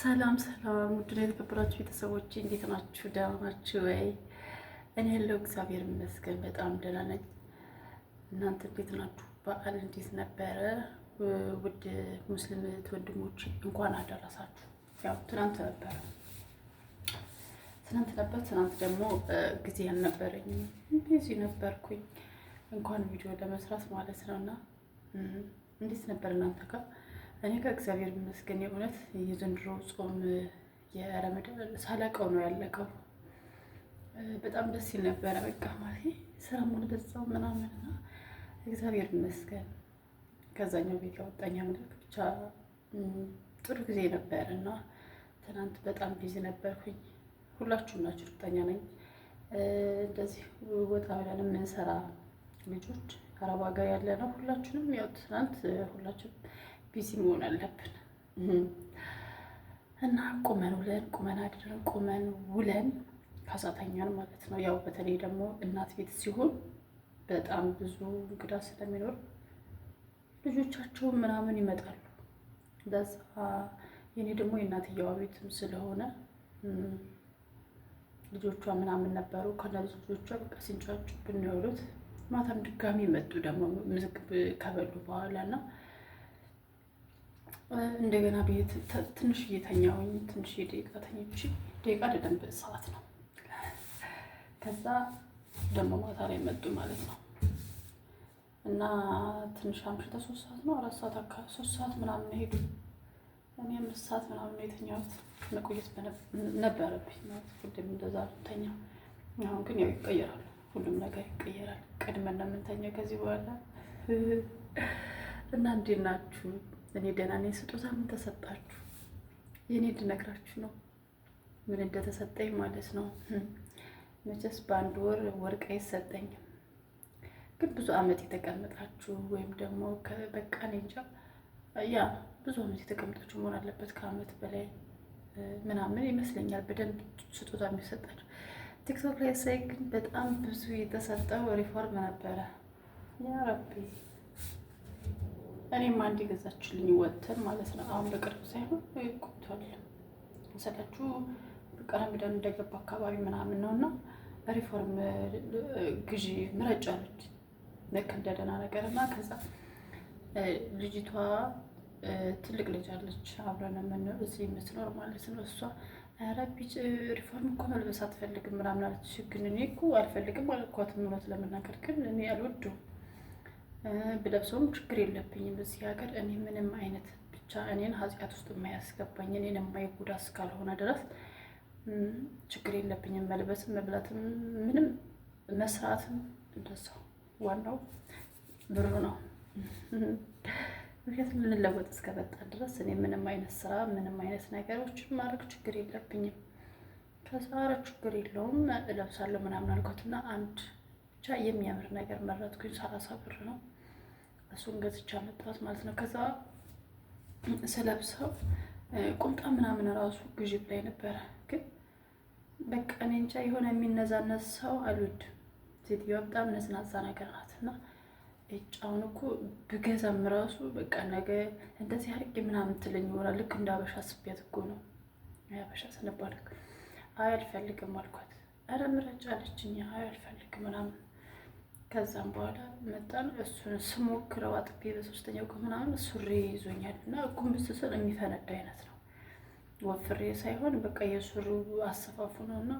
ሰላም ሰላም፣ ውድና የተከበራችሁ ቤተሰቦች እንዴት ናችሁ? ደህና ናችሁ ወይ? እኔ ያለው እግዚአብሔር ይመስገን በጣም ደህና ነኝ። እናንተ እንዴት ናችሁ? በዓል እንዴት ነበረ? ውድ ሙስሊም ወንድሞች እንኳን አደረሳችሁ። ያው ትናንት ነበረ ትናንት ነበር። ትናንት ደግሞ ጊዜ አልነበረኝም፣ እንደዚህ ነበርኩኝ እንኳን ቪዲዮ ለመስራት ማለት ነው። እና እንዴት ነበር እናንተ ጋር እኔ ከእግዚአብሔር ይመስገን የእውነት የዘንድሮ ጾም የረመዳን ሳላቀው ነው ያለቀው። በጣም ደስ ይል ነበረ። በቃ ማለት ስራ ሙሉ በዛው ምናምን እና እግዚአብሔር ይመስገን ከዛኛው ቤት ያወጣኝ አምላክ ብቻ ጥሩ ጊዜ ነበር እና ትናንት በጣም ቢዚ ነበርኩኝ። ሁላችሁም ናችሁ እርግጠኛ ነኝ። እንደዚህ ወጣ ብለን የምንሰራ ልጆች አረብ ሀገር ያለ ነው ሁላችሁንም ያው ትናንት ሁላችሁም ቢዚ መሆን አለብን እና ቁመን ውለን ቁመን አድረን ቁመን ውለን ካሳተኛን ማለት ነው። ያው በተለይ ደግሞ እናት ቤት ሲሆን በጣም ብዙ እንግዳ ስለሚኖር ልጆቻቸውን ምናምን ይመጣሉ። በዛ የኔ ደግሞ የእናትየዋ ቤትም ስለሆነ ልጆቿ ምናምን ነበሩ። ከነዚ ልጆቿ በቃ ሲንጫጩ ብንወሉት ማታም ድጋሚ መጡ ደግሞ ምግብ ከበሉ በኋላ እና እንደገና ቤት ትንሽ እየተኛሁኝ ትንሽ ደቂቃ ተኝቼ ደቂቃ ደደንብ ሰዓት ነው። ከዛ ደግሞ ማታ ላይ መጡ ማለት ነው እና ትንሽ አምሽተ ሶስት ሰዓት ነው አራት ሰዓት አካ ሶስት ሰዓት ምናምን ሄዱ። እኔ አምስት ሰዓት ምናምን የተኛሁት መቆየት ነበረብኝ ማለት እንደዛ ተኛ። አሁን ግን ያው ይቀየራል፣ ሁሉም ነገር ይቀየራል። ቀድመን ነው ከዚህ በኋላ እና እንዴት ናችሁ? እኔ ደህና ነኝ። ስጦታ ምን ተሰጣችሁ? የእኔ እንድነግራችሁ ነው ምን እንደተሰጠኝ ማለት ነው። መቼስ በአንድ ወር ወርቅ አይሰጠኝም፣ ግን ብዙ አመት የተቀመጣችሁ ወይም ደግሞ በቃ እኔ እንጃ ያ ብዙ አመት የተቀመጣችሁ መሆን አለበት ከአመት በላይ ምናምን ይመስለኛል። በደንብ ስጦታ የሚሰጣችሁ ቲክቶክ ላይ ሳይ ግን በጣም ብዙ የተሰጠው ሪፎርም ነበረ። ያ ረቢ እኔም አንድ የገዛችልኝ ወተን ማለት ነው። አሁን በቅርብ ሳይሆን ቆይቷል መሰላችሁ። በቃ ረመዳን እንደገባ አካባቢ ምናምን ነው እና ሪፎርም ግዢ ምረጫ ልጅ ልክ እንደ ነገር እና ከዛ ልጅቷ ትልቅ ልጅ አለች አብረን የምንኖር እዚህ የምትኖር ማለት ነው። እሷ ኧረ ሪፎርም እኮ መልበስ አትፈልግም ምናምን አለች። ግን እኔ እኮ አልፈልግም አልኳት ምሮት ለመናገር ግን እኔ አልወደውም ብለብሰውም ችግር የለብኝም። በዚህ ሀገር እኔ ምንም አይነት ብቻ እኔን ኃጢአት ውስጥ የማያስገባኝ እኔን የማይጎዳ እስካልሆነ ድረስ ችግር የለብኝም። መልበስም፣ መብላትም፣ ምንም መስራትም እንደዛው። ዋናው ብሩ ነው። ምክንያቱም ልንለወጥ እስከመጣ ድረስ እኔ ምንም አይነት ስራ ምንም አይነት ነገሮችን ማድረግ ችግር የለብኝም። ከዛ ኧረ ችግር የለውም እለብሳለሁ ምናምን አልኳትና አንድ ብቻ የሚያምር ነገር መረጥኩኝ። ሰላሳ ብር ነው እሱን ገዝቻ መጣት ማለት ነው። ከዛ ስለብሰው ቁምጣ ምናምን ራሱ ግዥብ ላይ ነበረ። ግን በቃ እኔ እንጃ የሆነ የሚነዛነት ሰው አሉድ ሴትዮዋ በጣም ነዝናዛ ነገር ናት እና ጫውን እኮ ብገዛም ራሱ በቃ ነገ እንደዚህ አድርጌ ምናምን ትለኝ ይሆናል። ልክ እንደ አበሻ ስቤት እኮ ነው አበሻ ስንባል አይ አልፈልግም አልኳት። ኧረ ምረጫ አለችኝ። አይ አልፈልግም ምናምን ከዛም በኋላ መጣን። እሱን ስሞክረው አጥቤ በሶስተኛው ከምናምን ሱሪ ይዞኛል እና ጉንብስ ስል የሚፈነዳ አይነት ነው። ወፍሬ ሳይሆን በቃ የሱሪው አሰፋፉ ነው እና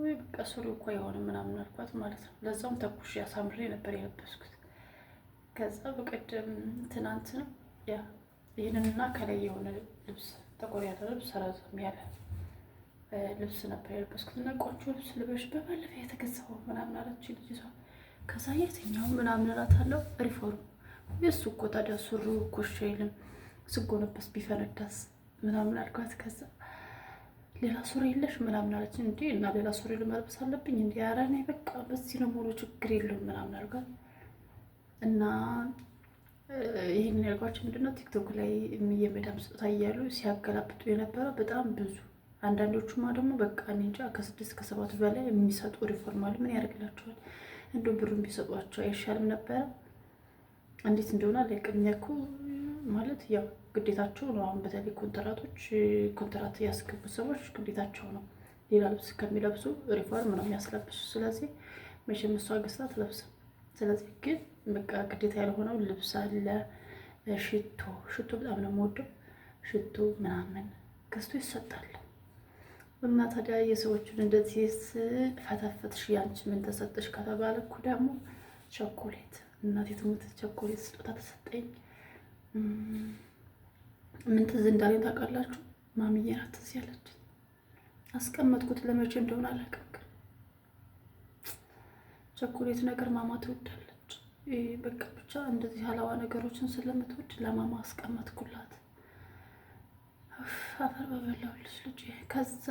ወይ በቃ ሱሪው እኮ የሆነ ምናምን አልኳት ማለት ነው። ለዛውም ተኩሽ ያሳምሬ ነበር የለበስኩት። ከዛ በቀደም ትናንት ነው ያ ይህንንና ከላይ የሆነ ልብስ ጠቆር ያለ ልብስ ረዘም ያለ ልብስ ነበር የለበስኩት እና ቆንጆ ልብስ ልበሽ በባለፈ የተገዛው ምናምን አለች ልጅቷ ከዛ የትኛው ምናምን እላታለሁ። ሪፎርም የእሱ እኮ ታዲያ ሱሩ ኮሽ አይልም ስጎነበስ ቢፈነዳስ ምናምን አልኳት። ከዛ ሌላ ሱሪ የለሽ ምናምን አለች። እንዲ እና ሌላ ሱሪ ልመልበስ አለብኝ እንዲ ኧረ በቃ በዚህ ነው ሙሉ ችግር የለውም ምናምን አልኳት። እና ይህንን ያልኳቸው ምንድነው ቲክቶክ ላይ የመዳም ስጦታ እያሉ ሲያገላብጡ የነበረ በጣም ብዙ አንዳንዶቹማ ደግሞ በቃ እኔ እንጃ ከስድስት ከሰባት በላይ የሚሰጡ ሪፎርም አሉ። ምን ያደርግላቸዋል? እንዶ ብሩን ቢሰጧቸው አይሻልም ነበረ? እንዴት እንደሆነ አላውቅም። ማለት ያው ግዴታቸው ነው። አሁን በተለይ ኮንትራቶች ኮንትራት ያስገቡ ሰዎች ግዴታቸው ነው። ሌላ ልብስ ከሚለብሱ ሪፎርም ነው የሚያስለብሱ። ስለዚህ መቼም እሷ ገዝታ አትለብስም። ስለዚህ ግን በቃ ግዴታ ያልሆነው ልብስ አለ። ሽቶ ሽቶ በጣም ነው የምወደው። ሽቶ ምናምን ገዝቶ ይሰጣል። እና ታዲያ የሰዎቹን እንደዚህ ፈተፈትሽ ያንቺ ምን ተሰጠሽ ከተባለ እኮ ደግሞ ቸኮሌት እናቴ ትሙት ቸኮሌት ስጦታ ተሰጠኝ። ምን ትዝ እንዳለኝ ታውቃላችሁ? ማምዬ ናት ትዝ ያለች። አስቀመጥኩት ለመቼ እንደሆነ አላውቅም፣ ቸኮሌት ነገር ማማ ትወዳለች። በቃ ብቻ እንደዚህ አላዋ ነገሮችን ስለምትወድ ለማማ አስቀመጥኩላት። አፈር በበላው ልጅ ከዛ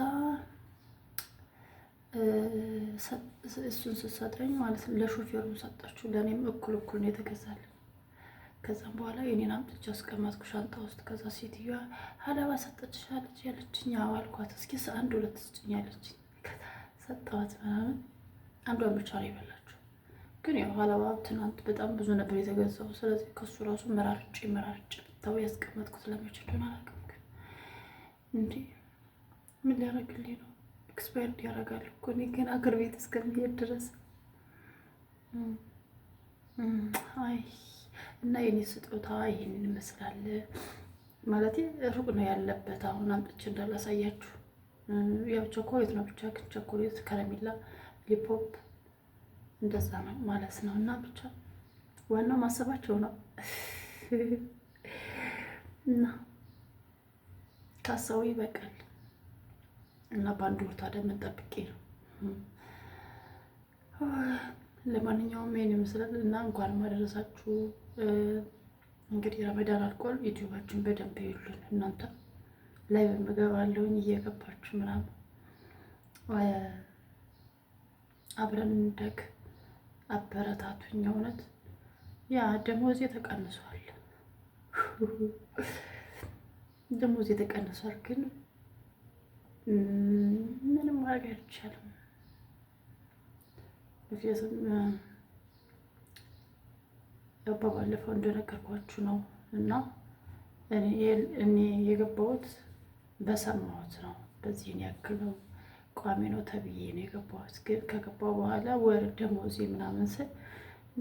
እሱን ስትሰጠኝ ማለት ነው ለሾፌሩ ሰጠችው። ለእኔም እኩል እኩል ነው የተገዛልኝ። ከዛም በኋላ የኔን አምጥቼ አስቀመጥኩ ሻንጣ ውስጥ። ከዛ ሴትዮዋ ሀላባ ሰጠችሻለች ያለችኝ አዋልኳት። እስኪ አንድ ሁለት ስጭኝ ያለችኝ ሰጠዋት ምናምን። አንዷን ብቻ ነው የበላችው። ግን ያው ሀላባ ትናንት በጣም ብዙ ነበር የተገዛው። ስለዚህ ከሱ ራሱ መራርጭ መራርጭ ብታው ያስቀመጥኩት ለመቼ እንደሆነ አላውቅም። እንዴ ምን ሊያደርግልኝ ነው? ኤክስፓየርድ ያደርጋል እኮ እኔ ገና አገር ቤት እስከሚሄድ ድረስ። አይ እና የኔ ስጦታ ይህን ይመስላል ማለት ሩቅ ነው ያለበት። አሁን አምጥቼ እንዳላሳያችሁ ያው ቸኮሌት ነው ብቻ ግን ቸኮሌት፣ ከረሜላ፣ ሊፖፕ እንደዛ ነው ማለት ነው። እና ብቻ ዋናው ማሰባቸው ነው እና ካሳው ይበቃል እና በአንድ ቦታ ደግሞ ጠብቄ ነው። ለማንኛውም ይህን ይመስላል እና እንኳን ማደረሳችሁ። እንግዲህ ረመዳን አልቋል። ዩቲዩባችን በደንብ ይሉን እናንተ ላይ በምገባለሁኝ እየገባችሁ ምናምን አብረን እንደግ አበረታቱኝ። እውነት ያ ደሞዜ ተቀንሷል። ደሞዝ የተቀነሷል፣ ግን ምንም ማድረግ አይቻልም። ምክንያቱም ያባ ባለፈው እንደነገርኳችሁ ነው እና እኔ የገባሁት በሰማሁት ነው። በዚህን ያክል ነው ቋሚ ነው ተብዬ ነው የገባሁት። ግን ከገባሁ በኋላ ወር ደሞዝ ምናምን ስል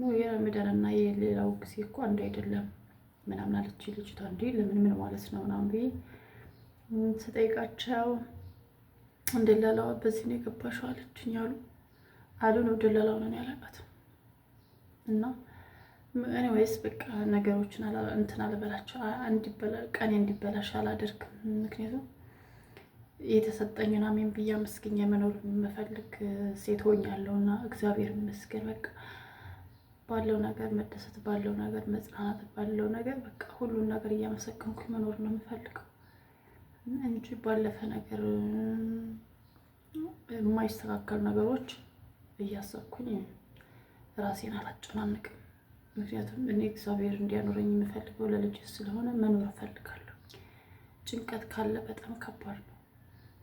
ነው የረመዳን እና የሌላው ጊዜ እኮ አንድ አይደለም። ምናምን አለች ልጅቷ። እንዲ ለምን ምን ማለት ነው ምናምን ብዬ ስጠይቃቸው እንደላላዋ በዚህ ነው የገባሽው አለችኝ አሉ አሉ ነው ደላላው ነው ያለቃት እና ኤኒዌይስ በቃ ነገሮችን እንትን አልበላቸው ቀኔ እንዲበላሽ አላደርግም። ምክንያቱም የተሰጠኝን አሜን ብዬ አመስግኜ መኖር የምፈልግ ሴት ሆኛለሁ እና እግዚአብሔር ይመስገን በቃ ባለው ነገር መደሰት፣ ባለው ነገር መጽናናት፣ ባለው ነገር በቃ ሁሉን ነገር እያመሰገንኩ መኖር ነው የምፈልገው እንጂ ባለፈ ነገር የማይስተካከሉ ነገሮች እያሰብኩኝ ራሴን አላጨናንቅም። ምክንያቱም እኔ እግዚአብሔር እንዲያኖረኝ የምፈልገው ለልጅ ስለሆነ መኖር እፈልጋለሁ። ጭንቀት ካለ በጣም ከባድ ነው።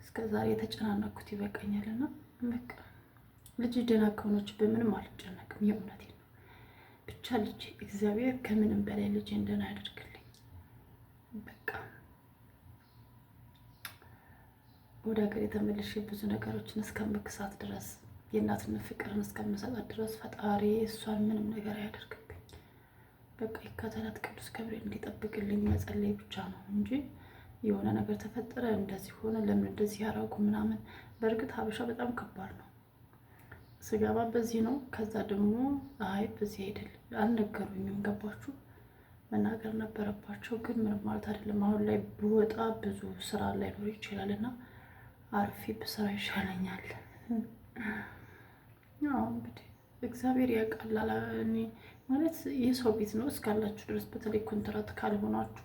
እስከ ዛሬ የተጨናነኩት ይበቃኛል እና በቃ ልጅ ደህና ከሆነች በምንም አልጨነቅም የእውነት ልጅ እግዚአብሔር ከምንም በላይ ልጅ እንደን በቃ ወደ ሀገር የተመልሼ ብዙ ነገሮችን እስከምክሳት ድረስ የእናትነት ፍቅርን እስከምሰጣት ድረስ ፈጣሪ እሷን ምንም ነገር አያደርግብኝ። በቃ ይከተላት፣ ቅዱስ ገብርኤል እንዲጠብቅልኝ መጸለይ ብቻ ነው እንጂ የሆነ ነገር ተፈጠረ፣ እንደዚህ ሆነ፣ ለምን እንደዚህ ያረጉ ምናምን። በእርግጥ ሀበሻ በጣም ከባድ ነው። ስገባ በዚህ ነው። ከዛ ደግሞ አይ በዚህ አይደል አልነገሩኝም። ገባችሁ? መናገር ነበረባቸው፣ ግን ምንም ማለት አይደለም። አሁን ላይ ብወጣ ብዙ ስራ ላይኖር ይችላል እና አርፌ ብስራ ይሻለኛል። ያው እንግዲህ እግዚአብሔር ያውቃል። እኔ ማለት የሰው ቤት ነው እስካላችሁ ድረስ በተለይ ኮንትራት ካልሆናችሁ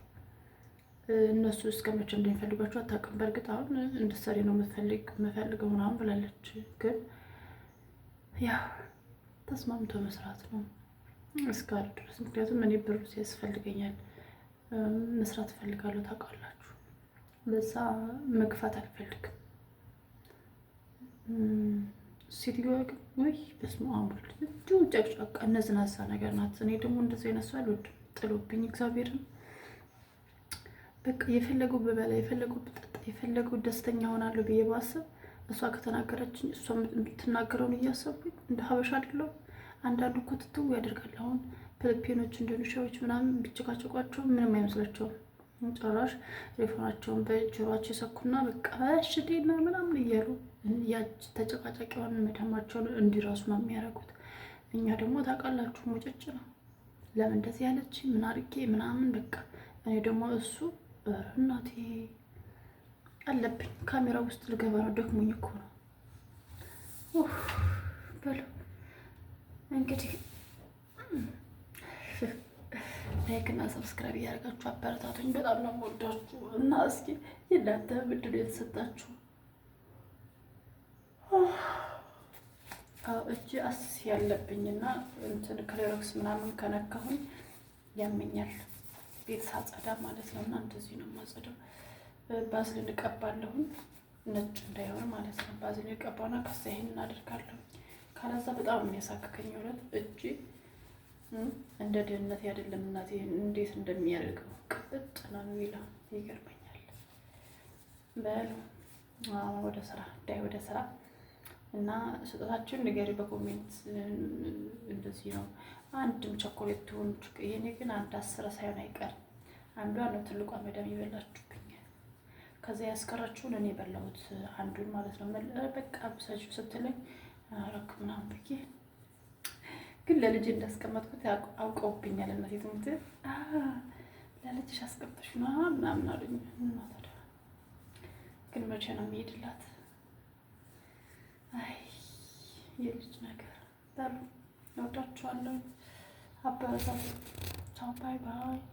እነሱ እስከ መቼ እንደሚፈልጓቸው አታውቅም። በእርግጥ አሁን እንድትሰሪ ነው የምፈልግ የምፈልገው ምናምን ብላለች ግን ያው ተስማምቶ መስራት ነው እስካሉ ድረስ። ምክንያቱም እኔ ብሩ ያስፈልገኛል፣ መስራት እፈልጋለሁ። ታውቃላችሁ፣ በዛ መግፋት አልፈልግም። ሴትዮዋ ግን ወይ በስመ አብ እጁ ጨቅጫቃ ነዝናዛ ነገር ናት። እኔ ደግሞ እንደዚህ አይነት ሰው አልወድም። ጥሎብኝ እግዚአብሔርን በቃ የፈለገው ብበላ የፈለገው ብጠጣ የፈለገው ደስተኛ ሆናለሁ ብዬ ባስብ እሷ ከተናገረችኝ እሷ የምትናገረውን እያሰብኩኝ እንደ ሀበሻ አይደለም። አንዳንዱ እኮ ትትው ያደርጋል። አሁን ፊልፒኖች ኢንዶኔሽያዎች ምናምን ቢጨቃጨቋቸው ምንም አይመስላቸውም። ጭራሽ ቴሌፎናቸውን በጆሯቸው የሰኩና በቃ ሽዴ ምናምን እያሉ ያች መዳማቸውን እንዲራሱ ነው የሚያደርጉት። እኛ ደግሞ ታውቃላችሁ ሙጭጭ ነው። ለምን እንደዚህ ያለች ምን አድርጌ ምናምን በቃ እኔ ደግሞ እሱ እናቴ አለብኝ ካሜራ ውስጥ ልገባ ነው። ደክሞኝ እኮ ነው። በሉ እንግዲህ ላይክና ሰብስክራይብ እያደረጋችሁ አበረታቶኝ በጣም ነው የምወዳችሁ እና እስኪ የእናንተ ምንድን ነው የተሰጣችሁ? እጅ አስ ያለብኝና እንትን ክሌሮክስ ምናምን ከነካሁኝ ያመኛል። ቤት ሳጸዳ ማለት ነው እና እንደዚህ ነው የማጸዳው ባዝሊን እቀባለሁኝ ነጭ እንዳይሆን ማለት ነው። ባዝሊን እቀባና ከዛ ይሄን እናደርጋለሁ። ካለዛ በጣም የሚያሳክከኝ እውነት እጅ እንደ ድህነት ያደለም እናቴ እንዴት እንደሚያደርገው ቅጥጥ ነው የሚለው ይገርመኛል። በሉ ወደ ስራ ዳይ ወደ ስራ እና ስጦታችሁን ንገሪ በኮሜንት እንደዚህ ነው። አንድም ቸኮሌት ትሆን ይሄኔ ግን አንድ አስረ ሳይሆን አይቀርም። አንዷ ነው ትልቋ መዳም ይበላችሁ። ከዚያ ያስቀረችውን እኔ የበላሁት አንዱን ማለት ነው። በቃ ብሰች ስትለኝ ረክ ምናምን ብዬ ግን ለልጅ እንዳስቀመጥኩት አውቀውብኛል። እናቴ ትምህርት ለልጅሽ አስቀምጠሽ ና ምናምን አሉኝ። እናታዳ ግን መቼ ነው የሚሄድላት? አይ የልጅ ነገር ዳሉ እወዳችኋለሁ። አበረታ ቻው። ባይ ባይ